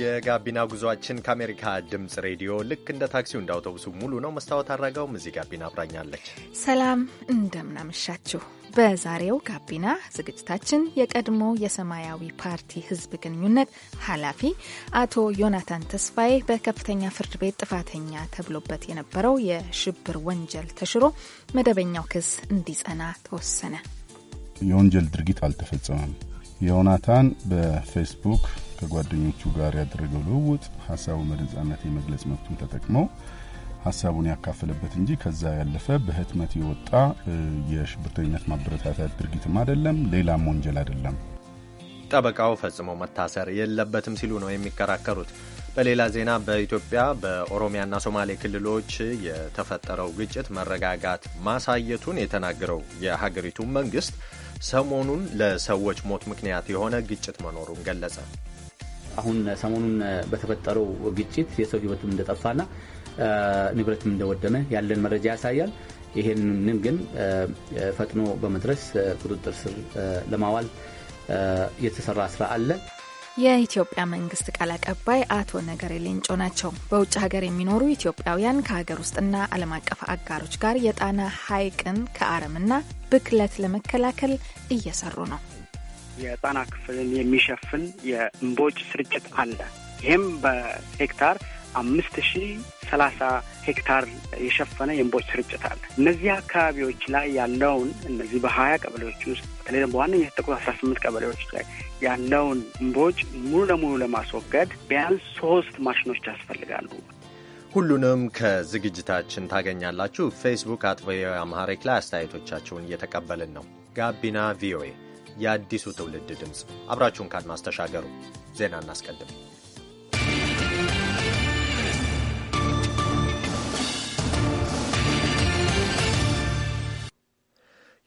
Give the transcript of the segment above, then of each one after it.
የጋቢና ጉዟችን ከአሜሪካ ድምፅ ሬዲዮ ልክ እንደ ታክሲው እንደ አውቶቡሱ ሙሉ ነው። መስታወት አድረገውም እዚህ ጋቢና አብራኛለች። ሰላም እንደምናመሻችሁ። በዛሬው ጋቢና ዝግጅታችን የቀድሞ የሰማያዊ ፓርቲ ህዝብ ግንኙነት ኃላፊ አቶ ዮናታን ተስፋዬ በከፍተኛ ፍርድ ቤት ጥፋተኛ ተብሎበት የነበረው የሽብር ወንጀል ተሽሮ መደበኛው ክስ እንዲጸና ተወሰነ። የወንጀል ድርጊት አልተፈጸመም። ዮናታን በፌስቡክ ከጓደኞቹ ጋር ያደረገው ልውውጥ ሀሳቡን በነጻነት የመግለጽ መብቱን ተጠቅመው ሀሳቡን ያካፈለበት እንጂ ከዛ ያለፈ በህትመት የወጣ የሽብርተኝነት ማበረታታት ድርጊትም አይደለም፣ ሌላም ወንጀል አይደለም። ጠበቃው ፈጽሞ መታሰር የለበትም ሲሉ ነው የሚከራከሩት። በሌላ ዜና በኢትዮጵያ በኦሮሚያና ሶማሌ ክልሎች የተፈጠረው ግጭት መረጋጋት ማሳየቱን የተናገረው የሀገሪቱ መንግስት ሰሞኑን ለሰዎች ሞት ምክንያት የሆነ ግጭት መኖሩን ገለጸ። አሁን ሰሞኑን በተፈጠረው ግጭት የሰው ህይወትም እንደጠፋና ንብረትም እንደወደመ ያለን መረጃ ያሳያል። ይህንን ግን ፈጥኖ በመድረስ ቁጥጥር ስር ለማዋል የተሰራ ስራ አለ። የኢትዮጵያ መንግስት ቃል አቀባይ አቶ ነገሬ ሌንጮ ናቸው። በውጭ ሀገር የሚኖሩ ኢትዮጵያውያን ከሀገር ውስጥና ዓለም አቀፍ አጋሮች ጋር የጣና ሐይቅን ከአረምና ብክለት ለመከላከል እየሰሩ ነው። የጣና ክፍልን የሚሸፍን የእምቦጭ ስርጭት አለ። ይህም በሄክታር አምስት ሺ ሰላሳ ሄክታር የሸፈነ የእምቦጭ ስርጭት አለ። እነዚህ አካባቢዎች ላይ ያለውን እነዚህ በሀያ ቀበሌዎች ውስጥ በተለይ ደግሞ በዋነኛ የተጠቁት አስራ ስምንት ቀበሌዎች ላይ ያለውን እምቦጭ ሙሉ ለሙሉ ለማስወገድ ቢያንስ ሶስት ማሽኖች ያስፈልጋሉ። ሁሉንም ከዝግጅታችን ታገኛላችሁ። ፌስቡክ አት ቪኦኤ ላይ አስተያየቶቻችሁን እየተቀበልን ነው። ጋቢና ቪኦኤ የአዲሱ ትውልድ ድምፅ። አብራችሁን ካድማስ ተሻገሩ። ዜና እናስቀድም።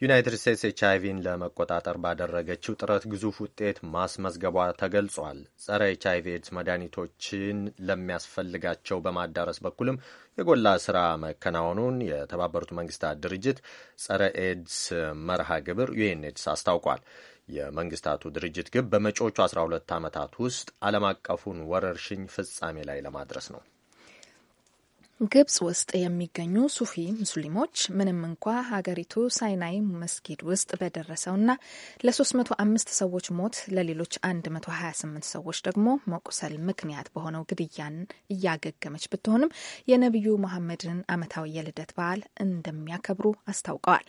ዩናይትድ ስቴትስ ኤች አይቪን ለመቆጣጠር ባደረገችው ጥረት ግዙፍ ውጤት ማስመዝገቧ ተገልጿል። ጸረ ኤች አይቪ ኤድስ መድኃኒቶችን ለሚያስፈልጋቸው በማዳረስ በኩልም የጎላ ስራ መከናወኑን የተባበሩት መንግስታት ድርጅት ጸረ ኤድስ መርሃ ግብር ኤድስ አስታውቋል። የመንግስታቱ ድርጅት ግብ በመጪዎቹ 12 ዓመታት ውስጥ ዓለም አቀፉን ወረርሽኝ ፍጻሜ ላይ ለማድረስ ነው። ግብጽ ውስጥ የሚገኙ ሱፊ ሙስሊሞች ምንም እንኳ ሀገሪቱ ሳይናይ መስጊድ ውስጥ በደረሰውና ለ305 ሰዎች ሞት ለሌሎች 128 ሰዎች ደግሞ መቁሰል ምክንያት በሆነው ግድያን እያገገመች ብትሆንም የነቢዩ መሐመድን ዓመታዊ የልደት በዓል እንደሚያከብሩ አስታውቀዋል።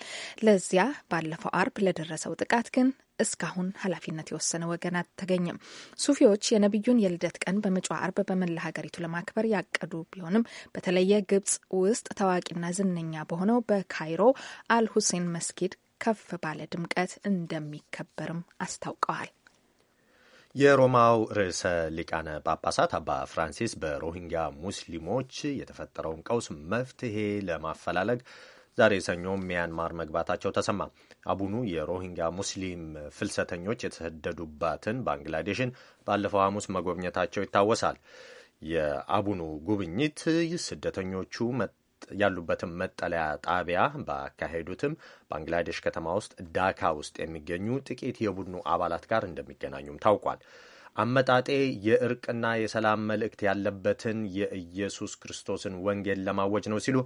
ለዚያ ባለፈው አርብ ለደረሰው ጥቃት ግን እስካሁን ኃላፊነት የወሰነ ወገን አልተገኘም። ሱፊዎች የነቢዩን የልደት ቀን በመጪው አርብ በመላ ሀገሪቱ ለማክበር ያቀዱ ቢሆንም በተለየ ግብጽ ውስጥ ታዋቂና ዝነኛ በሆነው በካይሮ አል ሁሴን መስጊድ ከፍ ባለ ድምቀት እንደሚከበርም አስታውቀዋል። የሮማው ርዕሰ ሊቃነ ጳጳሳት አባ ፍራንሲስ በሮሂንጋ ሙስሊሞች የተፈጠረውን ቀውስ መፍትሄ ለማፈላለግ ዛሬ ሰኞ ሚያንማር መግባታቸው ተሰማ። አቡኑ የሮሂንጋ ሙስሊም ፍልሰተኞች የተሰደዱባትን ባንግላዴሽን ባለፈው ሐሙስ መጎብኘታቸው ይታወሳል። የአቡኑ ጉብኝት ስደተኞቹ ያሉበትን መጠለያ ጣቢያ ባካሄዱትም ባንግላዴሽ ከተማ ውስጥ ዳካ ውስጥ የሚገኙ ጥቂት የቡድኑ አባላት ጋር እንደሚገናኙም ታውቋል። አመጣጤ የእርቅና የሰላም መልእክት ያለበትን የኢየሱስ ክርስቶስን ወንጌል ለማወጅ ነው ሲሉ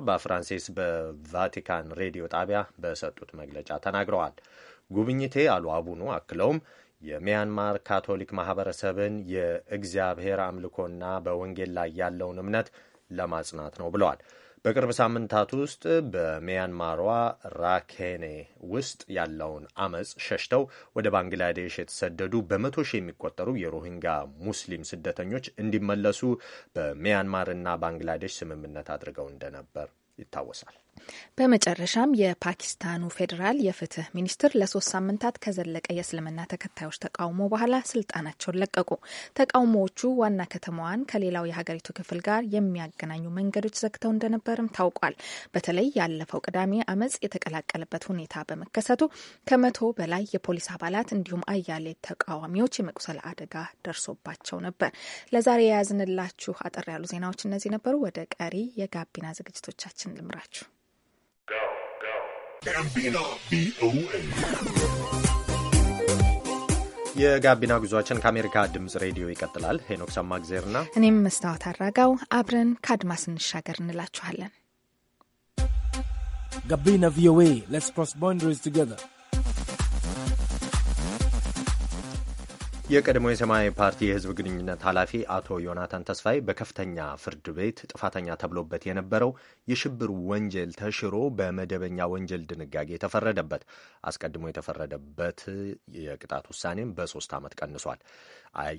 አባ ፍራንሲስ በቫቲካን ሬዲዮ ጣቢያ በሰጡት መግለጫ ተናግረዋል። ጉብኝቴ አሉ አቡኑ አክለውም የሚያንማር ካቶሊክ ማህበረሰብን የእግዚአብሔር አምልኮና በወንጌል ላይ ያለውን እምነት ለማጽናት ነው ብለዋል። በቅርብ ሳምንታት ውስጥ በሚያንማሯ ራኬኔ ውስጥ ያለውን አመፅ ሸሽተው ወደ ባንግላዴሽ የተሰደዱ በመቶ ሺህ የሚቆጠሩ የሮሂንጋ ሙስሊም ስደተኞች እንዲመለሱ በሚያንማርና ባንግላዴሽ ስምምነት አድርገው እንደነበር ይታወሳል። በመጨረሻም የፓኪስታኑ ፌዴራል የፍትህ ሚኒስትር ለሶስት ሳምንታት ከዘለቀ የእስልምና ተከታዮች ተቃውሞ በኋላ ስልጣናቸውን ለቀቁ። ተቃውሞዎቹ ዋና ከተማዋን ከሌላው የሀገሪቱ ክፍል ጋር የሚያገናኙ መንገዶች ዘግተው እንደነበርም ታውቋል። በተለይ ያለፈው ቅዳሜ አመፅ የተቀላቀለበት ሁኔታ በመከሰቱ ከመቶ በላይ የፖሊስ አባላት እንዲሁም አያሌ ተቃዋሚዎች የመቁሰል አደጋ ደርሶባቸው ነበር። ለዛሬ የያዝንላችሁ አጠር ያሉ ዜናዎች እነዚህ ነበሩ። ወደ ቀሪ የጋቢና ዝግጅቶቻችን ልምራችሁ። ጋቢና ቪኦኤ የጋቢና ጉዟችን ከአሜሪካ ድምፅ ሬዲዮ ይቀጥላል። ሄኖክ ሰማግዜርና እኔም መስታወት አራጋው አብረን ከአድማስ እንሻገር እንላችኋለን። ጋቢና ቪኦኤ ሌትስ ክሮስ ባውንደሪስ ቱጌዘር የቀድሞ የሰማያዊ ፓርቲ የህዝብ ግንኙነት ኃላፊ አቶ ዮናታን ተስፋዬ በከፍተኛ ፍርድ ቤት ጥፋተኛ ተብሎበት የነበረው የሽብር ወንጀል ተሽሮ በመደበኛ ወንጀል ድንጋጌ የተፈረደበት አስቀድሞ የተፈረደበት የቅጣት ውሳኔም በሶስት ዓመት ቀንሷል።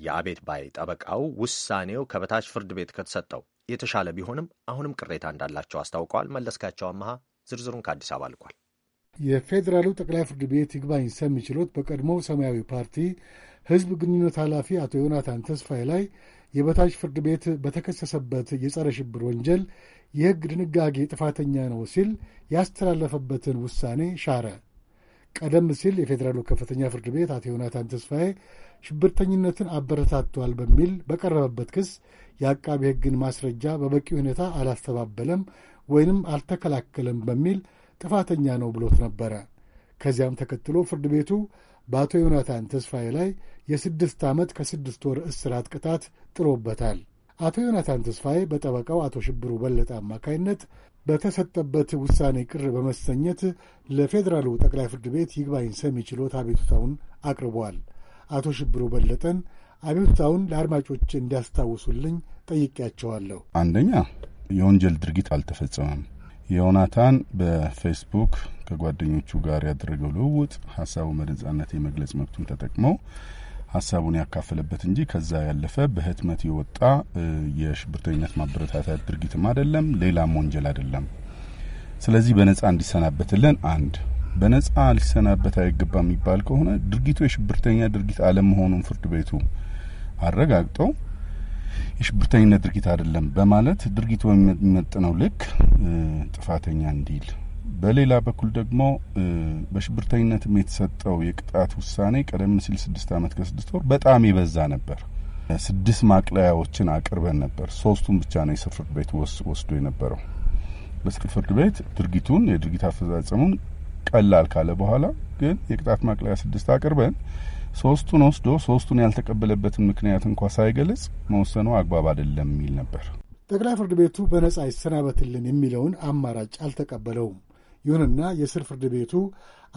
የአቤት ባይ ጠበቃው ውሳኔው ከበታች ፍርድ ቤት ከተሰጠው የተሻለ ቢሆንም አሁንም ቅሬታ እንዳላቸው አስታውቀዋል። መለስካቸው አመሃ ዝርዝሩን ከአዲስ አበባ ልኳል። የፌዴራሉ ጠቅላይ ፍርድ ቤት ይግባኝ ሰሚ ችሎት በቀድሞው ሰማያዊ ፓርቲ ሕዝብ ግንኙነት ኃላፊ አቶ ዮናታን ተስፋዬ ላይ የበታች ፍርድ ቤት በተከሰሰበት የጸረ ሽብር ወንጀል የሕግ ድንጋጌ ጥፋተኛ ነው ሲል ያስተላለፈበትን ውሳኔ ሻረ። ቀደም ሲል የፌዴራሉ ከፍተኛ ፍርድ ቤት አቶ ዮናታን ተስፋዬ ሽብርተኝነትን አበረታቷል በሚል በቀረበበት ክስ የአቃቢ ሕግን ማስረጃ በበቂ ሁኔታ አላስተባበለም ወይንም አልተከላከለም በሚል ጥፋተኛ ነው ብሎት ነበረ። ከዚያም ተከትሎ ፍርድ ቤቱ በአቶ ዮናታን ተስፋዬ ላይ የስድስት ዓመት ከስድስት ወር እስራት ቅጣት ጥሎበታል። አቶ ዮናታን ተስፋዬ በጠበቃው አቶ ሽብሩ በለጠ አማካይነት በተሰጠበት ውሳኔ ቅር በመሰኘት ለፌዴራሉ ጠቅላይ ፍርድ ቤት ይግባኝ ሰሚ ችሎት አቤቱታውን አቅርቧል። አቶ ሽብሩ በለጠን አቤቱታውን ለአድማጮች እንዲያስታውሱልኝ ጠይቄያቸዋለሁ። አንደኛ የወንጀል ድርጊት አልተፈጸመም። ዮናታን በፌስቡክ ከጓደኞቹ ጋር ያደረገው ልውውጥ ሀሳቡን በነጻነት የመግለጽ መብቱን ተጠቅመው ሀሳቡን ያካፈለበት እንጂ ከዛ ያለፈ በህትመት የወጣ የሽብርተኝነት ማበረታታት ድርጊትም አይደለም፣ ሌላም ወንጀል አይደለም። ስለዚህ በነጻ እንዲሰናበትልን አንድ በነጻ ሊሰናበት አይገባ የሚባል ከሆነ ድርጊቱ የሽብርተኛ ድርጊት አለመሆኑን ፍርድ ቤቱ አረጋግጠው የሽብርተኝነት ድርጊት አይደለም በማለት ድርጊቱ በሚመጥነው ልክ ጥፋተኛ እንዲል፣ በሌላ በኩል ደግሞ በሽብርተኝነትም የተሰጠው የቅጣት ውሳኔ ቀደም ሲል ስድስት ዓመት ከስድስት ወር በጣም ይበዛ ነበር። ስድስት ማቅለያዎችን አቅርበን ነበር። ሶስቱን ብቻ ነው የስር ፍርድ ቤት ወስዶ የነበረው። በስር ፍርድ ቤት ድርጊቱን የድርጊት አፈጻጸሙን ቀላል ካለ በኋላ ግን የቅጣት ማቅለያ ስድስት አቅርበን ሶስቱን ወስዶ ሶስቱን ያልተቀበለበትን ምክንያት እንኳ ሳይገልጽ መወሰኑ አግባብ አይደለም የሚል ነበር። ጠቅላይ ፍርድ ቤቱ በነጻ ይሰናበትልን የሚለውን አማራጭ አልተቀበለውም። ይሁንና የስር ፍርድ ቤቱ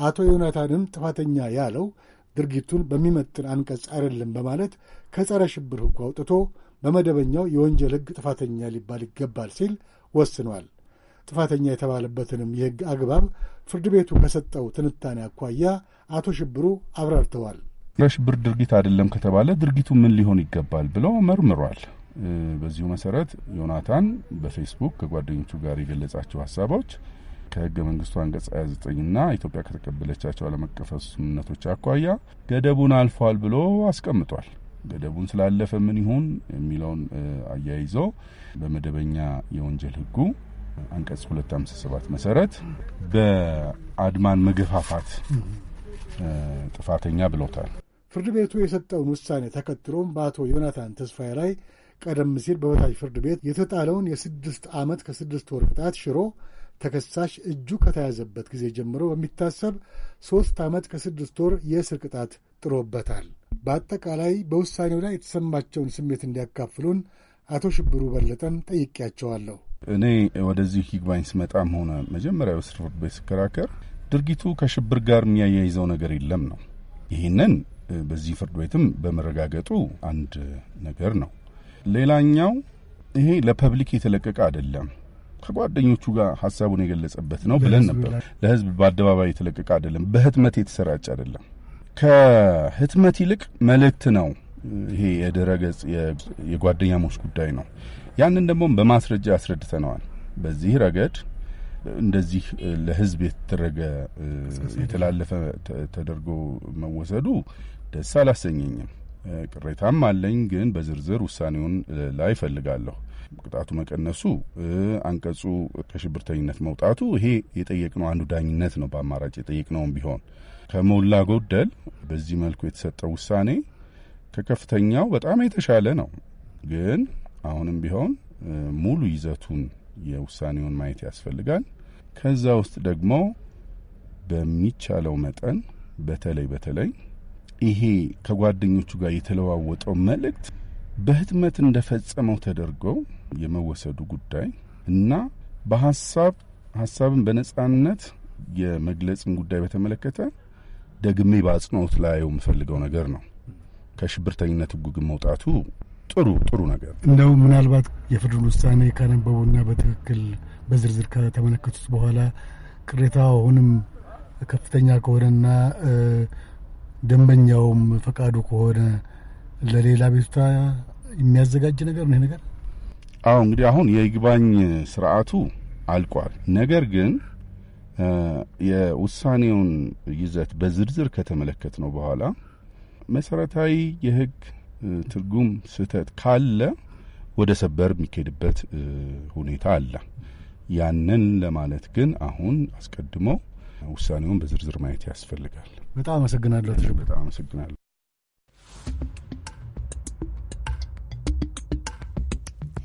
አቶ ዮናታንም ጥፋተኛ ያለው ድርጊቱን በሚመጥን አንቀጽ አይደለም በማለት ከጸረ ሽብር ሕጉ አውጥቶ በመደበኛው የወንጀል ሕግ ጥፋተኛ ሊባል ይገባል ሲል ወስኗል። ጥፋተኛ የተባለበትንም የሕግ አግባብ ፍርድ ቤቱ ከሰጠው ትንታኔ አኳያ አቶ ሽብሩ አብራርተዋል። የሽብር ድርጊት አይደለም ከተባለ ድርጊቱ ምን ሊሆን ይገባል ብሎ መርምሯል። በዚሁ መሰረት ዮናታን በፌስቡክ ከጓደኞቹ ጋር የገለጻቸው ሀሳቦች ከህገ መንግስቱ አንቀጽ 29ና ኢትዮጵያ ከተቀበለቻቸው ዓለም አቀፍ ስምምነቶች አኳያ ገደቡን አልፏል ብሎ አስቀምጧል። ገደቡን ስላለፈ ምን ይሁን የሚለውን አያይዞ በመደበኛ የወንጀል ህጉ አንቀጽ 257 መሰረት በአድማን መገፋፋት ጥፋተኛ ብሎታል። ፍርድ ቤቱ የሰጠውን ውሳኔ ተከትሎም በአቶ ዮናታን ተስፋዬ ላይ ቀደም ሲል በበታች ፍርድ ቤት የተጣለውን የስድስት ዓመት ከስድስት ወር ቅጣት ሽሮ ተከሳሽ እጁ ከተያዘበት ጊዜ ጀምሮ በሚታሰብ ሦስት ዓመት ከስድስት ወር የእስር ቅጣት ጥሎበታል። በአጠቃላይ በውሳኔው ላይ የተሰማቸውን ስሜት እንዲያካፍሉን አቶ ሽብሩ በለጠን ጠይቄያቸዋለሁ። እኔ ወደዚህ ይግባኝ ስመጣም ሆነ መጀመሪያ እስር ፍርድ ቤት ስከራከር ድርጊቱ ከሽብር ጋር የሚያያይዘው ነገር የለም ነው ይህንን በዚህ ፍርድ ቤትም በመረጋገጡ አንድ ነገር ነው። ሌላኛው ይሄ ለፐብሊክ የተለቀቀ አይደለም። ከጓደኞቹ ጋር ሀሳቡን የገለጸበት ነው ብለን ነበር። ለህዝብ በአደባባይ የተለቀቀ አይደለም፣ በህትመት የተሰራጨ አይደለም። ከህትመት ይልቅ መልእክት ነው። ይሄ የድረ የጓደኛሞች ጉዳይ ነው። ያንን ደግሞ በማስረጃ አስረድተነዋል። በዚህ ረገድ እንደዚህ ለህዝብ የተደረገ የተላለፈ ተደርጎ መወሰዱ ደስ አላሰኘኝም። ቅሬታም አለኝ፣ ግን በዝርዝር ውሳኔውን ላይ እፈልጋለሁ። ቅጣቱ መቀነሱ፣ አንቀጹ ከሽብርተኝነት መውጣቱ፣ ይሄ የጠየቅነው አንዱ ዳኝነት ነው። በአማራጭ የጠየቅነውም ቢሆን ከሞላ ጎደል በዚህ መልኩ የተሰጠው ውሳኔ ከከፍተኛው በጣም የተሻለ ነው። ግን አሁንም ቢሆን ሙሉ ይዘቱን የውሳኔውን ማየት ያስፈልጋል። ከዛ ውስጥ ደግሞ በሚቻለው መጠን በተለይ በተለይ ይሄ ከጓደኞቹ ጋር የተለዋወጠው መልእክት በህትመት እንደፈጸመው ተደርገው የመወሰዱ ጉዳይ እና በሀሳብ ሀሳብን በነጻነት የመግለጽን ጉዳይ በተመለከተ ደግሜ በአጽንኦት ላይ የምፈልገው ነገር ነው። ከሽብርተኝነት ህጉ ግን መውጣቱ ጥሩ ጥሩ ነገር እንደው ምናልባት የፍርዱን ውሳኔ ካነበቡና በትክክል በዝርዝር ከተመለከቱት በኋላ ቅሬታ አሁንም ከፍተኛ ከሆነና ደንበኛውም ፈቃዱ ከሆነ ለሌላ ቤቷ የሚያዘጋጅ ነገር ነው ነገር። አዎ እንግዲህ አሁን የይግባኝ ስርዓቱ አልቋል። ነገር ግን የውሳኔውን ይዘት በዝርዝር ከተመለከት ነው በኋላ መሰረታዊ የህግ ትርጉም ስህተት ካለ ወደ ሰበር የሚካሄድበት ሁኔታ አለ። ያንን ለማለት ግን አሁን አስቀድመው ውሳኔውን በዝርዝር ማየት ያስፈልጋል። በጣም አመሰግናለሁ። በጣም አመሰግናለሁ።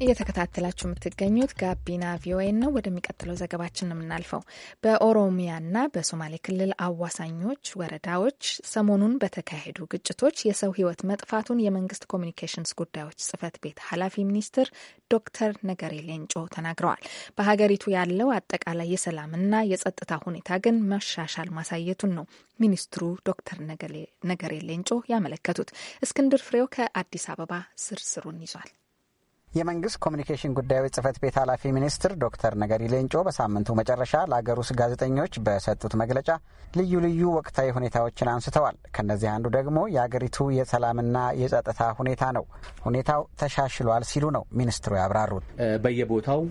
እየተከታተላችሁ የምትገኙት ጋቢና ቪኦኤ ነው። ወደሚቀጥለው ዘገባችን የምናልፈው በኦሮሚያና በሶማሌ ክልል አዋሳኞች ወረዳዎች ሰሞኑን በተካሄዱ ግጭቶች የሰው ሕይወት መጥፋቱን የመንግስት ኮሚኒኬሽንስ ጉዳዮች ጽህፈት ቤት ኃላፊ ሚኒስትር ዶክተር ነገሬ ሌንጮ ተናግረዋል። በሀገሪቱ ያለው አጠቃላይ የሰላምና የጸጥታ ሁኔታ ግን መሻሻል ማሳየቱን ነው ሚኒስትሩ ዶክተር ነገሬ ሌንጮ ያመለከቱት። እስክንድር ፍሬው ከአዲስ አበባ ዝርዝሩን ይዟል። የመንግስት ኮሚኒኬሽን ጉዳዮች ጽህፈት ቤት ኃላፊ ሚኒስትር ዶክተር ነገሪ ሌንጮ በሳምንቱ መጨረሻ ለአገር ውስጥ ጋዜጠኞች በሰጡት መግለጫ ልዩ ልዩ ወቅታዊ ሁኔታዎችን አንስተዋል። ከእነዚህ አንዱ ደግሞ የአገሪቱ የሰላምና የጸጥታ ሁኔታ ነው። ሁኔታው ተሻሽሏል ሲሉ ነው ሚኒስትሩ ያብራሩት። በየቦታው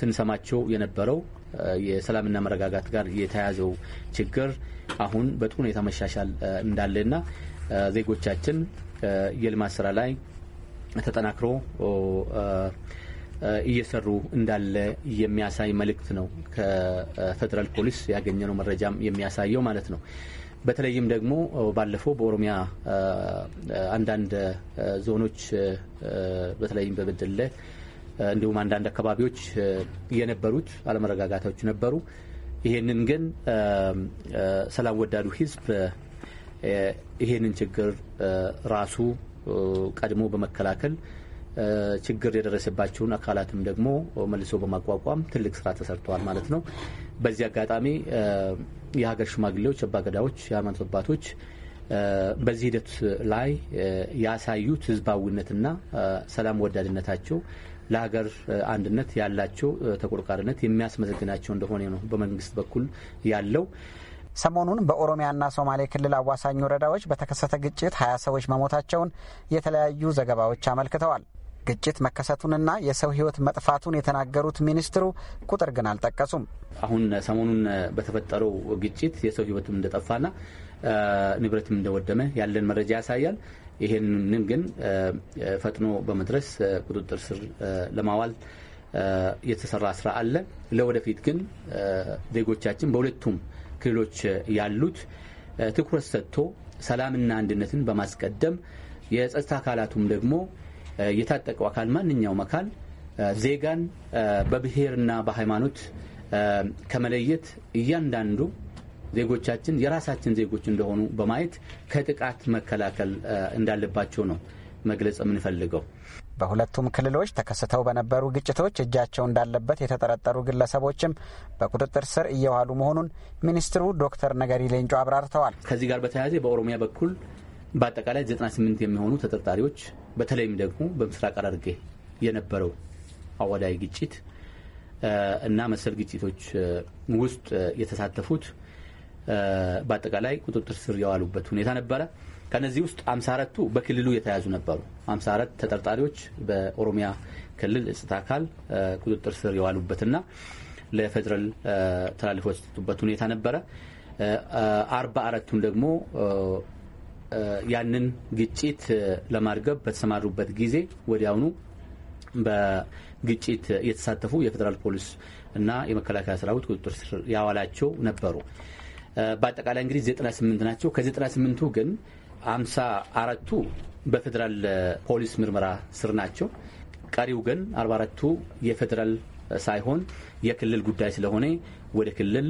ስንሰማቸው የነበረው የሰላምና መረጋጋት ጋር የተያዘው ችግር አሁን በጥሩ ሁኔታ መሻሻል እንዳለና ዜጎቻችን የልማት ስራ ላይ ተጠናክሮ እየሰሩ እንዳለ የሚያሳይ መልእክት ነው። ከፌዴራል ፖሊስ ያገኘነው መረጃም የሚያሳየው ማለት ነው። በተለይም ደግሞ ባለፈው በኦሮሚያ አንዳንድ ዞኖች በተለይም በበደሌ እንዲሁም አንዳንድ አካባቢዎች የነበሩት አለመረጋጋቶች ነበሩ። ይሄንን ግን ሰላም ወዳዱ ህዝብ ይሄንን ችግር ራሱ ቀድሞ በመከላከል ችግር የደረሰባቸውን አካላትም ደግሞ መልሶ በማቋቋም ትልቅ ስራ ተሰርተዋል ማለት ነው። በዚህ አጋጣሚ የሀገር ሽማግሌዎች፣ አባገዳዎች፣ የሃይማኖት አባቶች በዚህ ሂደት ላይ ያሳዩት ህዝባዊነትና ሰላም ወዳድነታቸው ለሀገር አንድነት ያላቸው ተቆርቋሪነት የሚያስመዘግናቸው እንደሆነ ነው በመንግስት በኩል ያለው ሰሞኑን በኦሮሚያና ሶማሌ ክልል አዋሳኝ ወረዳዎች በተከሰተ ግጭት ሀያ ሰዎች መሞታቸውን የተለያዩ ዘገባዎች አመልክተዋል። ግጭት መከሰቱንና የሰው ሕይወት መጥፋቱን የተናገሩት ሚኒስትሩ ቁጥር ግን አልጠቀሱም። አሁን ሰሞኑን በተፈጠረው ግጭት የሰው ሕይወትም እንደጠፋና ንብረትም እንደወደመ ያለን መረጃ ያሳያል። ይህንን ግን ፈጥኖ በመድረስ ቁጥጥር ስር ለማዋል የተሰራ ስራ አለ። ለወደፊት ግን ዜጎቻችን በሁለቱም ክልሎች ያሉት ትኩረት ሰጥቶ ሰላምና አንድነትን በማስቀደም የጸጥታ አካላቱም ደግሞ የታጠቀው አካል ማንኛውም አካል ዜጋን በብሔርና በሃይማኖት ከመለየት እያንዳንዱ ዜጎቻችን የራሳችን ዜጎች እንደሆኑ በማየት ከጥቃት መከላከል እንዳለባቸው ነው መግለጽ የምንፈልገው። በሁለቱም ክልሎች ተከስተው በነበሩ ግጭቶች እጃቸው እንዳለበት የተጠረጠሩ ግለሰቦችም በቁጥጥር ስር እየዋሉ መሆኑን ሚኒስትሩ ዶክተር ነገሪ ሌንጮ አብራርተዋል። ከዚህ ጋር በተያያዘ በኦሮሚያ በኩል በአጠቃላይ 98 የሚሆኑ ተጠርጣሪዎች በተለይም ደግሞ በምስራቅ ሐረርጌ የነበረው አወዳይ ግጭት እና መሰል ግጭቶች ውስጥ የተሳተፉት በአጠቃላይ ቁጥጥር ስር የዋሉበት ሁኔታ ነበረ። ከነዚህ ውስጥ አምሳ ቱ በክልሉ የተያዙ ነበሩ። አምሳ አረት ተጠርጣሪዎች በኦሮሚያ ክልል የጸጥታ አካል ቁጥጥር ስር የዋሉበትና ለፌዴራል ተላልፎ የተሰጡበት ሁኔታ ነበረ። አርባ አራቱን ደግሞ ያንን ግጭት ለማርገብ በተሰማሩበት ጊዜ ወዲያውኑ በግጭት የተሳተፉ የፌዴራል ፖሊስ እና የመከላከያ ሰራዊት ቁጥጥር ስር ያዋላቸው ነበሩ። በአጠቃላይ እንግዲህ ስምንት ናቸው ከዘጠና ስምንቱ ግን ሀምሳ አራቱ በፌዴራል ፖሊስ ምርመራ ስር ናቸው። ቀሪው ግን አርባ አራቱ የፌዴራል ሳይሆን የክልል ጉዳይ ስለሆነ ወደ ክልል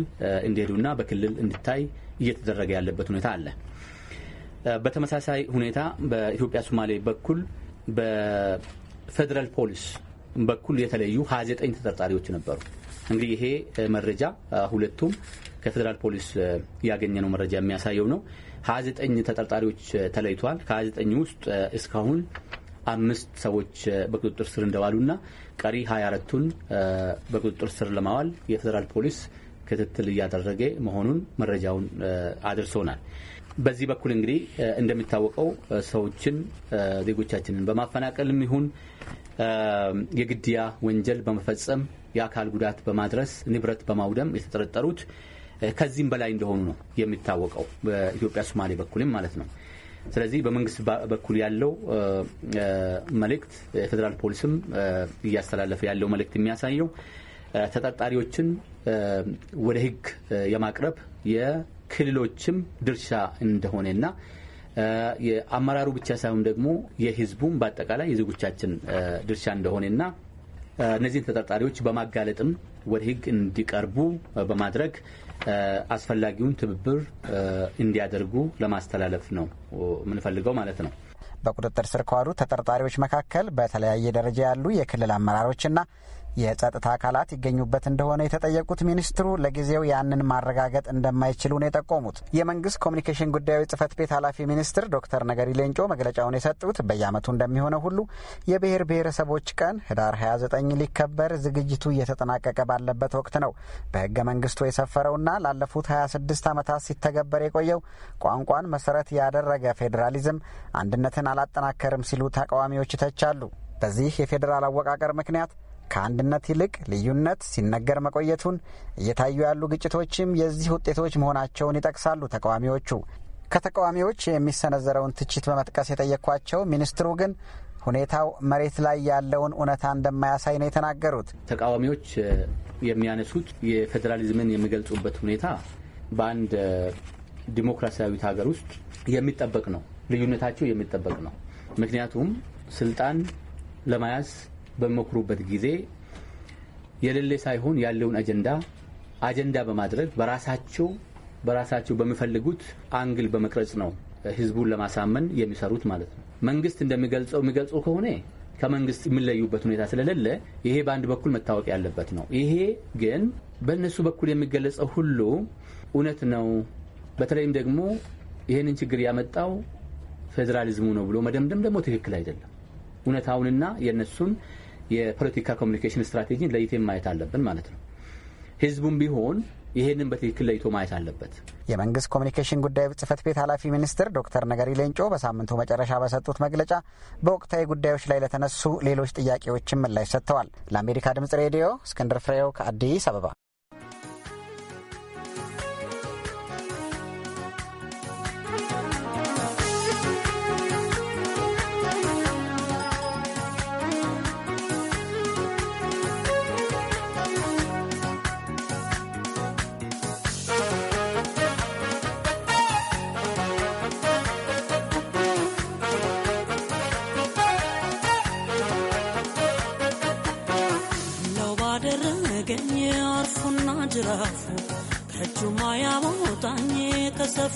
እንዲሄዱና በክልል እንዲታይ እየተደረገ ያለበት ሁኔታ አለ። በተመሳሳይ ሁኔታ በኢትዮጵያ ሶማሌ በኩል በፌዴራል ፖሊስ በኩል የተለዩ 29 ተጠርጣሪዎች ነበሩ። እንግዲህ ይሄ መረጃ ሁለቱም ከፌዴራል ፖሊስ ያገኘነው መረጃ የሚያሳየው ነው። 29 ተጠርጣሪዎች ተለይቷል። ከ29 ውስጥ እስካሁን አምስት ሰዎች በቁጥጥር ስር እንደዋሉና ቀሪ 24ቱን በቁጥጥር ስር ለማዋል የፌዴራል ፖሊስ ክትትል እያደረገ መሆኑን መረጃውን አድርሶናል። በዚህ በኩል እንግዲህ እንደሚታወቀው ሰዎችን ዜጎቻችንን በማፈናቀልም ይሁን የግድያ ወንጀል በመፈጸም የአካል ጉዳት በማድረስ ንብረት በማውደም የተጠረጠሩት ከዚህም በላይ እንደሆኑ ነው የሚታወቀው በኢትዮጵያ ሶማሌ በኩልም ማለት ነው። ስለዚህ በመንግስት በኩል ያለው መልእክት የፌዴራል ፖሊስም እያስተላለፈ ያለው መልእክት የሚያሳየው ተጠርጣሪዎችን ወደ ሕግ የማቅረብ የክልሎችም ድርሻ እንደሆነና የአመራሩ ብቻ ሳይሆን ደግሞ የህዝቡም በአጠቃላይ የዜጎቻችን ድርሻ እንደሆነ እና እነዚህን ተጠርጣሪዎች በማጋለጥም ወደ ሕግ እንዲቀርቡ በማድረግ አስፈላጊውን ትብብር እንዲያደርጉ ለማስተላለፍ ነው የምንፈልገው ማለት ነው። በቁጥጥር ስር ከዋሉ ተጠርጣሪዎች መካከል በተለያየ ደረጃ ያሉ የክልል አመራሮችና የጸጥታ አካላት ይገኙበት እንደሆነ የተጠየቁት ሚኒስትሩ ለጊዜው ያንን ማረጋገጥ እንደማይችሉ ነው የጠቆሙት። የመንግስት ኮሚኒኬሽን ጉዳዮች ጽህፈት ቤት ኃላፊ ሚኒስትር ዶክተር ነገሪ ሌንጮ መግለጫውን የሰጡት በየአመቱ እንደሚሆነው ሁሉ የብሔር ብሔረሰቦች ቀን ህዳር 29 ሊከበር ዝግጅቱ እየተጠናቀቀ ባለበት ወቅት ነው። በህገ መንግስቱ የሰፈረውና ላለፉት 26 ዓመታት ሲተገበር የቆየው ቋንቋን መሰረት ያደረገ ፌዴራሊዝም አንድነትን አላጠናከርም ሲሉ ተቃዋሚዎች ይተቻሉ። በዚህ የፌዴራል አወቃቀር ምክንያት ከአንድነት ይልቅ ልዩነት ሲነገር መቆየቱን፣ እየታዩ ያሉ ግጭቶችም የዚህ ውጤቶች መሆናቸውን ይጠቅሳሉ ተቃዋሚዎቹ። ከተቃዋሚዎች የሚሰነዘረውን ትችት በመጥቀስ የጠየኳቸው ሚኒስትሩ ግን ሁኔታው መሬት ላይ ያለውን እውነታ እንደማያሳይ ነው የተናገሩት። ተቃዋሚዎች የሚያነሱት የፌዴራሊዝምን የሚገልጹበት ሁኔታ በአንድ ዲሞክራሲያዊት ሀገር ውስጥ የሚጠበቅ ነው። ልዩነታቸው የሚጠበቅ ነው። ምክንያቱም ስልጣን ለመያዝ በሚመክሩበት ጊዜ የሌለ ሳይሆን ያለውን አጀንዳ አጀንዳ በማድረግ በራሳቸው በራሳቸው በሚፈልጉት አንግል በመቅረጽ ነው ህዝቡን ለማሳመን የሚሰሩት ማለት ነው። መንግስት እንደሚገልጸው የሚገልጸው ከሆነ ከመንግስት የሚለዩበት ሁኔታ ስለሌለ ይሄ በአንድ በኩል መታወቅ ያለበት ነው። ይሄ ግን በእነሱ በኩል የሚገለጸው ሁሉ እውነት ነው። በተለይም ደግሞ ይህንን ችግር ያመጣው ፌዴራሊዝሙ ነው ብሎ መደምደም ደግሞ ትክክል አይደለም። እውነታውንና የእነሱን የፖለቲካ ኮሚኒኬሽን ስትራቴጂን ለይቴን ማየት አለብን ማለት ነው። ህዝቡም ቢሆን ይህንን በትክክል ለይቶ ማየት አለበት። የመንግስት ኮሚኒኬሽን ጉዳይ ጽህፈት ቤት ኃላፊ ሚኒስትር ዶክተር ነገሪ ሌንጮ በሳምንቱ መጨረሻ በሰጡት መግለጫ በወቅታዊ ጉዳዮች ላይ ለተነሱ ሌሎች ጥያቄዎችም ምላሽ ሰጥተዋል። ለአሜሪካ ድምጽ ሬዲዮ እስክንድር ፍሬው ከአዲስ አበባ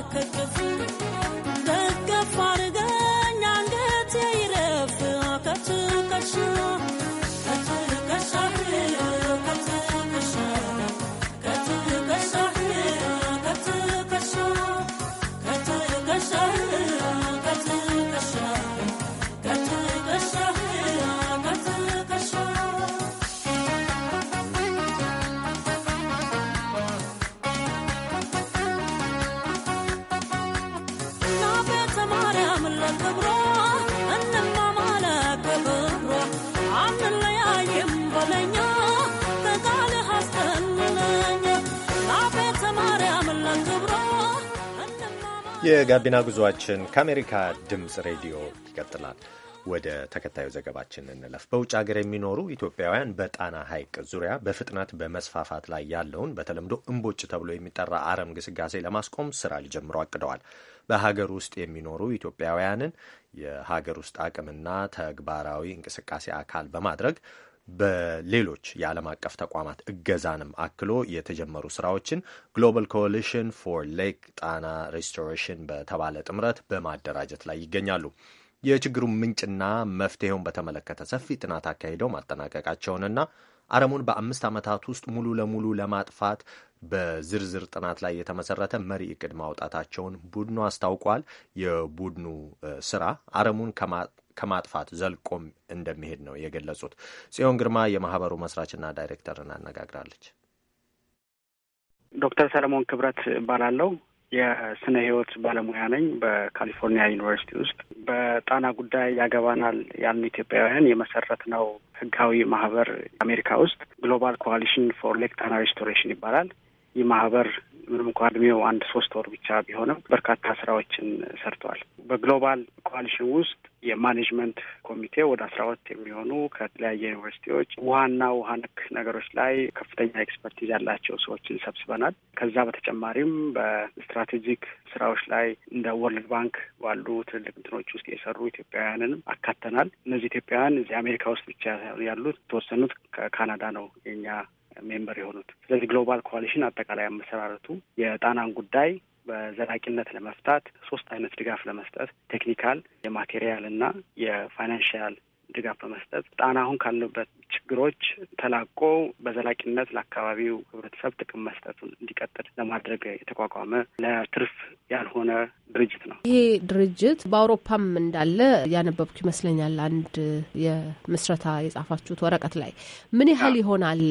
مركز جسور የጋቢና ጉዞአችን ከአሜሪካ ድምፅ ሬዲዮ ይቀጥላል። ወደ ተከታዩ ዘገባችን እንለፍ። በውጭ ሀገር የሚኖሩ ኢትዮጵያውያን በጣና ሐይቅ ዙሪያ በፍጥነት በመስፋፋት ላይ ያለውን በተለምዶ እምቦጭ ተብሎ የሚጠራ አረም ግስጋሴ ለማስቆም ስራ ሊጀምሩ አቅደዋል። በሀገር ውስጥ የሚኖሩ ኢትዮጵያውያንን የሀገር ውስጥ አቅምና ተግባራዊ እንቅስቃሴ አካል በማድረግ በሌሎች የዓለም አቀፍ ተቋማት እገዛንም አክሎ የተጀመሩ ስራዎችን ግሎባል ኮሊሽን ፎር ሌክ ጣና ሬስቶሬሽን በተባለ ጥምረት በማደራጀት ላይ ይገኛሉ። የችግሩን ምንጭና መፍትሄውን በተመለከተ ሰፊ ጥናት አካሂደው ማጠናቀቃቸውንና አረሙን በአምስት ዓመታት ውስጥ ሙሉ ለሙሉ ለማጥፋት በዝርዝር ጥናት ላይ የተመሰረተ መሪ እቅድ ማውጣታቸውን ቡድኑ አስታውቋል። የቡድኑ ስራ አረሙን ከማጥፋት ዘልቆም እንደሚሄድ ነው የገለጹት። ጽዮን ግርማ የማህበሩ መስራችና ዳይሬክተርን አነጋግራለች። ዶክተር ሰለሞን ክብረት እባላለሁ። የስነ ህይወት ባለሙያ ነኝ። በካሊፎርኒያ ዩኒቨርሲቲ ውስጥ በጣና ጉዳይ ያገባናል ያሉ ኢትዮጵያውያን የመሰረት ነው ህጋዊ ማህበር አሜሪካ ውስጥ ግሎባል ኮዋሊሽን ፎር ሌክ ጣና ሬስቶሬሽን ይባላል። ይህ ማህበር ምንም እንኳ እድሜው አንድ ሶስት ወር ብቻ ቢሆንም በርካታ ስራዎችን ሰርተዋል። በግሎባል ኮሊሽን ውስጥ የማኔጅመንት ኮሚቴ ወደ አስራ ሁለት የሚሆኑ ከተለያየ ዩኒቨርሲቲዎች ውሃና ውሃ ነክ ነገሮች ላይ ከፍተኛ ኤክስፐርቲዝ ያላቸው ሰዎችን ሰብስበናል። ከዛ በተጨማሪም በስትራቴጂክ ስራዎች ላይ እንደ ወርልድ ባንክ ባሉ ትልልቅ እንትኖች ውስጥ የሰሩ ኢትዮጵያውያንንም አካተናል። እነዚህ ኢትዮጵያውያን እዚህ አሜሪካ ውስጥ ብቻ ያሉት የተወሰኑት ከካናዳ ነው የኛ ሜምበር የሆኑት። ስለዚህ ግሎባል ኮዋሊሽን አጠቃላይ አመሰራረቱ የጣናን ጉዳይ በዘላቂነት ለመፍታት ሶስት አይነት ድጋፍ ለመስጠት ቴክኒካል፣ የማቴሪያል እና የፋይናንሽያል ድጋፍ በመስጠት ጣና አሁን ካለበት ችግሮች ተላቆ በዘላቂነት ለአካባቢው ህብረተሰብ ጥቅም መስጠቱን እንዲቀጥል ለማድረግ የተቋቋመ ለትርፍ ያልሆነ ድርጅት ነው። ይሄ ድርጅት በአውሮፓም እንዳለ ያነበብኩ ይመስለኛል። አንድ የምስረታ የጻፋችሁት ወረቀት ላይ ምን ያህል ይሆናል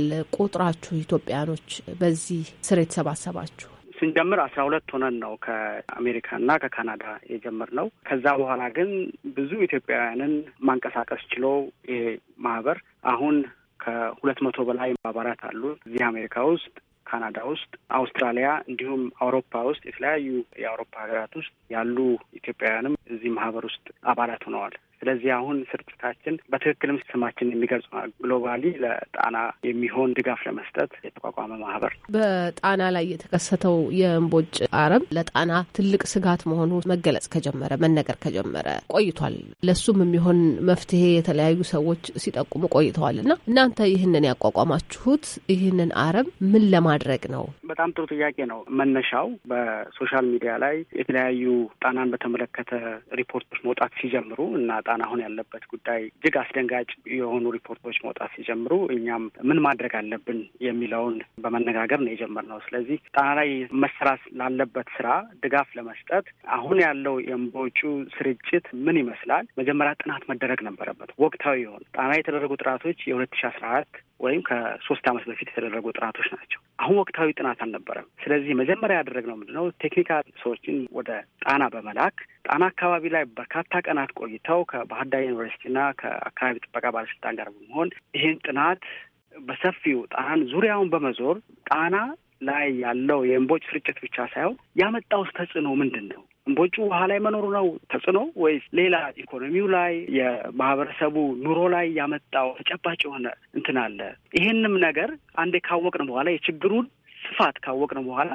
ቁጥራችሁ ኢትዮጵያኖች በዚህ ስር የተሰባሰባችሁ? ስንጀምር አስራ ሁለት ሆነን ነው ከአሜሪካና ከካናዳ የጀመርነው። ከዛ በኋላ ግን ብዙ ኢትዮጵያውያንን ማንቀሳቀስ ችሎ ይሄ ማህበር አሁን ከሁለት መቶ በላይ አባላት አሉ እዚህ አሜሪካ ውስጥ ካናዳ ውስጥ፣ አውስትራሊያ እንዲሁም አውሮፓ ውስጥ የተለያዩ የአውሮፓ ሀገራት ውስጥ ያሉ ኢትዮጵያውያንም እዚህ ማህበር ውስጥ አባላት ሆነዋል። ስለዚህ አሁን ስርጭታችን በትክክልም ስማችን የሚገልጽ ግሎባሊ ለጣና የሚሆን ድጋፍ ለመስጠት የተቋቋመ ማህበር ነው። በጣና ላይ የተከሰተው የእምቦጭ አረም ለጣና ትልቅ ስጋት መሆኑ መገለጽ ከጀመረ መነገር ከጀመረ ቆይቷል። ለሱም የሚሆን መፍትሄ የተለያዩ ሰዎች ሲጠቁሙ ቆይተዋል እና እናንተ ይህንን ያቋቋማችሁት ይህንን አረም ምን ለማድረግ ነው? በጣም ጥሩ ጥያቄ ነው። መነሻው በሶሻል ሚዲያ ላይ የተለያዩ ጣናን በተመለከተ ሪፖርቶች መውጣት ሲጀምሩ እና ጣና አሁን ያለበት ጉዳይ እጅግ አስደንጋጭ የሆኑ ሪፖርቶች መውጣት ሲጀምሩ እኛም ምን ማድረግ አለብን የሚለውን በመነጋገር ነው የጀመርነው። ስለዚህ ጣና ላይ መሰራት ላለበት ስራ ድጋፍ ለመስጠት አሁን ያለው የእምቦጩ ስርጭት ምን ይመስላል መጀመሪያ ጥናት መደረግ ነበረበት። ወቅታዊ የሆነ ጣና የተደረጉ ጥናቶች የሁለት ሺ አስራ አራት ወይም ከሶስት ዓመት በፊት የተደረጉ ጥናቶች ናቸው። አሁን ወቅታዊ ጥናት አልነበረም። ስለዚህ መጀመሪያ ያደረግነው ምንድን ነው? ቴክኒካል ሰዎችን ወደ ጣና በመላክ ጣና አካባቢ ላይ በርካታ ቀናት ቆይተው ከባህር ዳር ዩኒቨርሲቲና ከአካባቢ ጥበቃ ባለስልጣን ጋር በመሆን ይህን ጥናት በሰፊው ጣናን ዙሪያውን በመዞር ጣና ላይ ያለው የእንቦጭ ስርጭት ብቻ ሳይሆን ያመጣውስ ተጽዕኖ ምንድን ነው? እምቦጩ ውሃ ላይ መኖሩ ነው ተጽዕኖ ወይስ ሌላ ኢኮኖሚው ላይ የማህበረሰቡ ኑሮ ላይ ያመጣው ተጨባጭ የሆነ እንትን አለ? ይህንም ነገር አንዴ ካወቅን በኋላ የችግሩን ስፋት ካወቅን በኋላ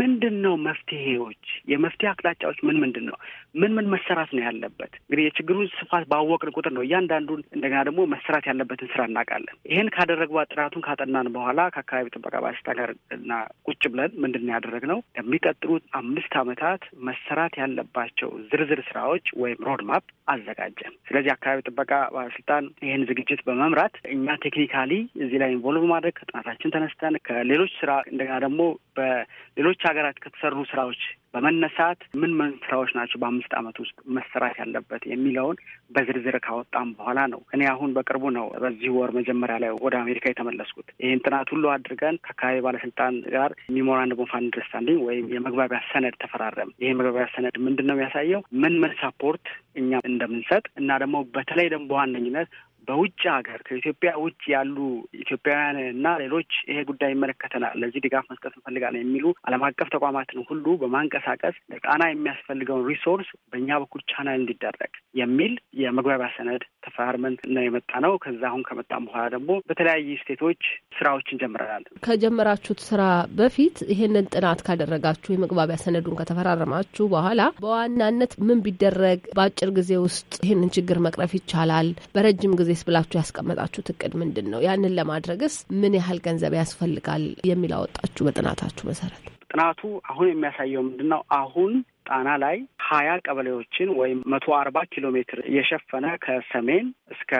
ምንድን ነው መፍትሄዎች? የመፍትሄ አቅጣጫዎች ምን ምንድን ነው? ምን ምን መሰራት ነው ያለበት? እንግዲህ የችግሩን ስፋት ባወቅን ቁጥር ነው እያንዳንዱን እንደገና ደግሞ መሰራት ያለበትን ስራ እናውቃለን። ይህን ካደረግ ጥናቱን ካጠናን በኋላ ከአካባቢ ጥበቃ ባለስልጣን ጋር እና ቁጭ ብለን ምንድን ነው ያደረግነው ለሚቀጥሉት አምስት ዓመታት መሰራት ያለባቸው ዝርዝር ስራዎች ወይም ሮድማፕ አዘጋጀን። ስለዚህ አካባቢ ጥበቃ ባለስልጣን ይህን ዝግጅት በመምራት እኛ ቴክኒካሊ እዚህ ላይ ኢንቮልቭ ማድረግ ከጥናታችን ተነስተን ከሌሎች ስራ እንደገና ደግሞ በሌሎች ከሌሎች ሀገራት ከተሰሩ ስራዎች በመነሳት ምን ምን ስራዎች ናቸው በአምስት ዓመት ውስጥ መሰራት ያለበት የሚለውን በዝርዝር ካወጣም በኋላ ነው። እኔ አሁን በቅርቡ ነው በዚህ ወር መጀመሪያ ላይ ወደ አሜሪካ የተመለስኩት። ይህን ጥናት ሁሉ አድርገን ከአካባቢ ባለስልጣን ጋር ሚሞራንደም ኦፍ አንደርስታንዲንግ ወይም የመግባቢያ ሰነድ ተፈራረም። ይህ መግባቢያ ሰነድ ምንድን ነው የሚያሳየው ምን ምን ሳፖርት እኛ እንደምንሰጥ እና ደግሞ በተለይ ደግሞ በዋነኝነት በውጭ ሀገር ከኢትዮጵያ ውጭ ያሉ ኢትዮጵያውያን እና ሌሎች ይሄ ጉዳይ ይመለከተናል፣ ለዚህ ድጋፍ መስጠት እንፈልጋለን የሚሉ ዓለም አቀፍ ተቋማትን ሁሉ በማንቀሳቀስ ለጣና የሚያስፈልገውን ሪሶርስ በእኛ በኩል ቻናል እንዲደረግ የሚል የመግባቢያ ሰነድ ተፈራርመን ነው የመጣ ነው። ከዛ አሁን ከመጣም በኋላ ደግሞ በተለያዩ ስቴቶች ስራዎችን ጀምረናል። ከጀመራችሁት ስራ በፊት ይሄንን ጥናት ካደረጋችሁ የመግባቢያ ሰነዱን ከተፈራረማችሁ በኋላ በዋናነት ምን ቢደረግ በአጭር ጊዜ ውስጥ ይህንን ችግር መቅረፍ ይቻላል፣ በረጅም ጊዜ ሰርቪስ ብላችሁ ያስቀመጣችሁት እቅድ ምንድን ነው? ያንን ለማድረግስ ምን ያህል ገንዘብ ያስፈልጋል የሚል አወጣችሁ በጥናታችሁ መሰረት? ጥናቱ አሁን የሚያሳየው ምንድን ነው? አሁን ጣና ላይ ሀያ ቀበሌዎችን ወይም መቶ አርባ ኪሎ ሜትር የሸፈነ ከሰሜን እስከ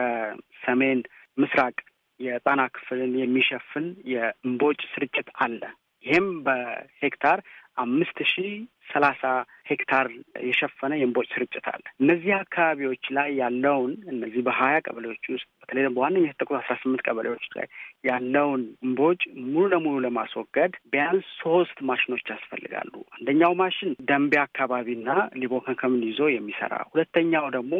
ሰሜን ምስራቅ የጣና ክፍልን የሚሸፍን የእምቦጭ ስርጭት አለ። ይህም በሄክታር አምስት ሺህ ሰላሳ ሄክታር የሸፈነ የእምቦጭ ስርጭት አለ። እነዚህ አካባቢዎች ላይ ያለውን እነዚህ በሀያ ቀበሌዎች ውስጥ በተለይ በዋነኛ የተጠቁት አስራ ስምንት ቀበሌዎች ላይ ያለውን እምቦጭ ሙሉ ለሙሉ ለማስወገድ ቢያንስ ሶስት ማሽኖች ያስፈልጋሉ። አንደኛው ማሽን ደንቢያ አካባቢና ሊቦ ከንከምን ይዞ የሚሰራ ሁለተኛው ደግሞ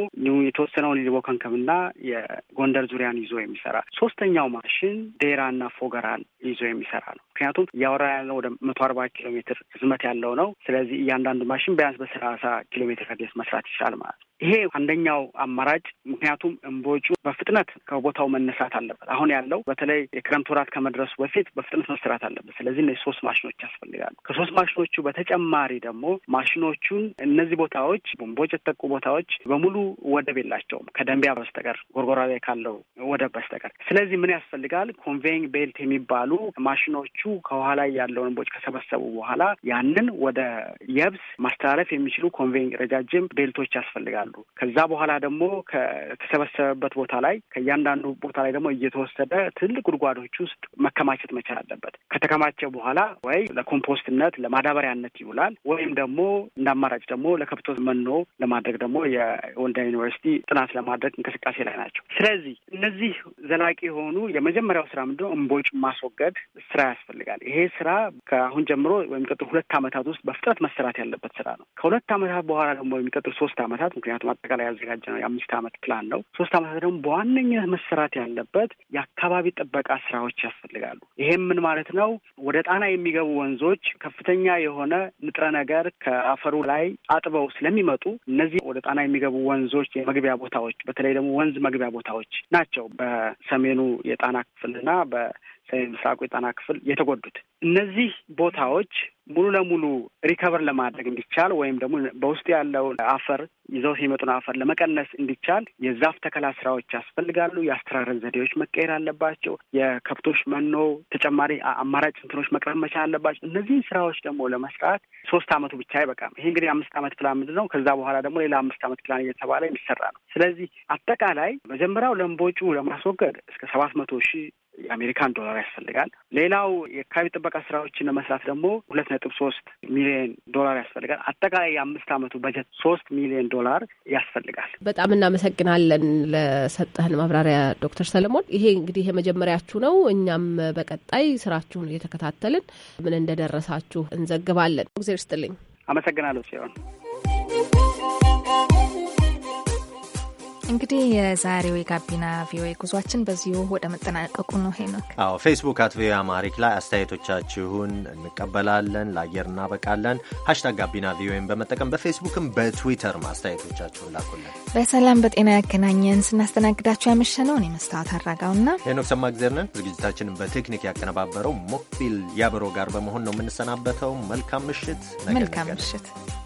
የተወሰነውን ሊቦ ከንከምና የጎንደር ዙሪያን ይዞ የሚሰራ ሶስተኛው ማሽን ዴራና ፎገራን ይዞ የሚሰራ ነው። ምክንያቱም እያወራ ያለው ወደ መቶ አርባ ኪሎ ሜትር ርዝመት ያለው ነው። ስለዚህ እያንዳንዱ ማሽን ቢያንስ በሰላሳ ኪሎ ሜትር ከደስ መስራት ይችላል ማለት ነው። ይሄ አንደኛው አማራጭ። ምክንያቱም እምቦጩ በፍጥነት ከቦታው መነሳት አለበት። አሁን ያለው በተለይ የክረምት ወራት ከመድረሱ በፊት በፍጥነት መስራት አለበት። ስለዚህ ሶስት ማሽኖች ያስፈልጋሉ። ከሶስት ማሽኖቹ በተጨማሪ ደግሞ ማሽኖቹን እነዚህ ቦታዎች እምቦጭ የተጠቁ ቦታዎች በሙሉ ወደብ የላቸውም ከደንቢያ በስተቀር ጎርጎራ ላይ ካለው ወደብ በስተቀር። ስለዚህ ምን ያስፈልጋል? ኮንቬይንግ ቤልት የሚባሉ ማሽኖቹ ከኋላ ያለውን እምቦጭ ከሰበሰቡ በኋላ ያንን ወደ የብስ ማስተላለፍ የሚችሉ ኮንቬይንግ ረጃጅም ቤልቶች ያስፈልጋል። ይወስዳሉ። ከዛ በኋላ ደግሞ ከተሰበሰበበት ቦታ ላይ ከእያንዳንዱ ቦታ ላይ ደግሞ እየተወሰደ ትልቅ ጉድጓዶች ውስጥ መከማቸት መቻል አለበት። ከተከማቸ በኋላ ወይ ለኮምፖስትነት ለማዳበሪያነት ይውላል፣ ወይም ደግሞ እንደ አማራጭ ደግሞ ለከብቶ መኖ ለማድረግ ደግሞ የወንዳ ዩኒቨርሲቲ ጥናት ለማድረግ እንቅስቃሴ ላይ ናቸው። ስለዚህ እነዚህ ዘላቂ የሆኑ የመጀመሪያው ስራ ምንድነው? እምቦጭ ማስወገድ ስራ ያስፈልጋል። ይሄ ስራ ከአሁን ጀምሮ የሚቀጥሉ ሁለት ዓመታት ውስጥ በፍጥነት መሰራት ያለበት ስራ ነው። ከሁለት ዓመታት በኋላ ደግሞ የሚቀጥሉ ሶስት ዓመታት ምክንያቱ ምክንያቱም አጠቃላይ ነው የአምስት ዓመት ፕላን ነው። ሶስት ዓመታት ደግሞ በዋነኝነት መሰራት ያለበት የአካባቢ ጥበቃ ስራዎች ያስፈልጋሉ። ይሄም ምን ማለት ነው? ወደ ጣና የሚገቡ ወንዞች ከፍተኛ የሆነ ንጥረ ነገር ከአፈሩ ላይ አጥበው ስለሚመጡ እነዚህ ወደ ጣና የሚገቡ ወንዞች የመግቢያ ቦታዎች፣ በተለይ ደግሞ ወንዝ መግቢያ ቦታዎች ናቸው በሰሜኑ የጣና ክፍልና በ ምስራቁ የጣና ክፍል የተጎዱት እነዚህ ቦታዎች ሙሉ ለሙሉ ሪከቨር ለማድረግ እንዲቻል ወይም ደግሞ በውስጡ ያለውን አፈር ይዘው ሲመጡን አፈር ለመቀነስ እንዲቻል የዛፍ ተከላ ስራዎች ያስፈልጋሉ። የአስተራረስ ዘዴዎች መቀየር አለባቸው። የከብቶች መኖ ተጨማሪ አማራጭ እንትኖች መቅረብ መቻል አለባቸው። እነዚህ ስራዎች ደግሞ ለመስራት ሶስት አመቱ ብቻ አይበቃም። ይሄ እንግዲህ አምስት አመት ፕላን ምንድን ነው? ከዛ በኋላ ደግሞ ሌላ አምስት አመት ፕላን እየተባለ የሚሰራ ነው። ስለዚህ አጠቃላይ መጀመሪያው ለምቦጩ ለማስወገድ እስከ ሰባት መቶ ሺህ የአሜሪካን ዶላር ያስፈልጋል። ሌላው የአካባቢ ጥበቃ ስራዎችን ለመስራት ደግሞ ሁለት ነጥብ ሶስት ሚሊዮን ዶላር ያስፈልጋል። አጠቃላይ የአምስት ዓመቱ በጀት ሶስት ሚሊዮን ዶላር ያስፈልጋል። በጣም እናመሰግናለን ለሰጠህን ማብራሪያ ዶክተር ሰለሞን። ይሄ እንግዲህ የመጀመሪያችሁ ነው። እኛም በቀጣይ ስራችሁን እየተከታተልን ምን እንደደረሳችሁ እንዘግባለን። እግዜር ይስጥልኝ። አመሰግናለሁ ሲሆን እንግዲህ የዛሬው የጋቢና ቪኦኤ ጉዟችን በዚሁ ወደ መጠናቀቁ ነው። ሄኖክ አዎ፣ ፌስቡክ አት ቪኦኤ አማሪክ ላይ አስተያየቶቻችሁን እንቀበላለን፣ ለአየር እናበቃለን። ሀሽታግ ጋቢና ቪኦኤን በመጠቀም በፌስቡክም በትዊተር አስተያየቶቻችሁን ላኩልን። በሰላም በጤና ያገናኘን። ስናስተናግዳችሁ ያመሸነውን መስታወት አራጋውና ሄኖክ ሰማእግዜር ነን። ዝግጅታችንን በቴክኒክ ያቀነባበረው ሞክቢል ያበሮ ጋር በመሆን ነው የምንሰናበተው። መልካም ምሽት። መልካም ምሽት።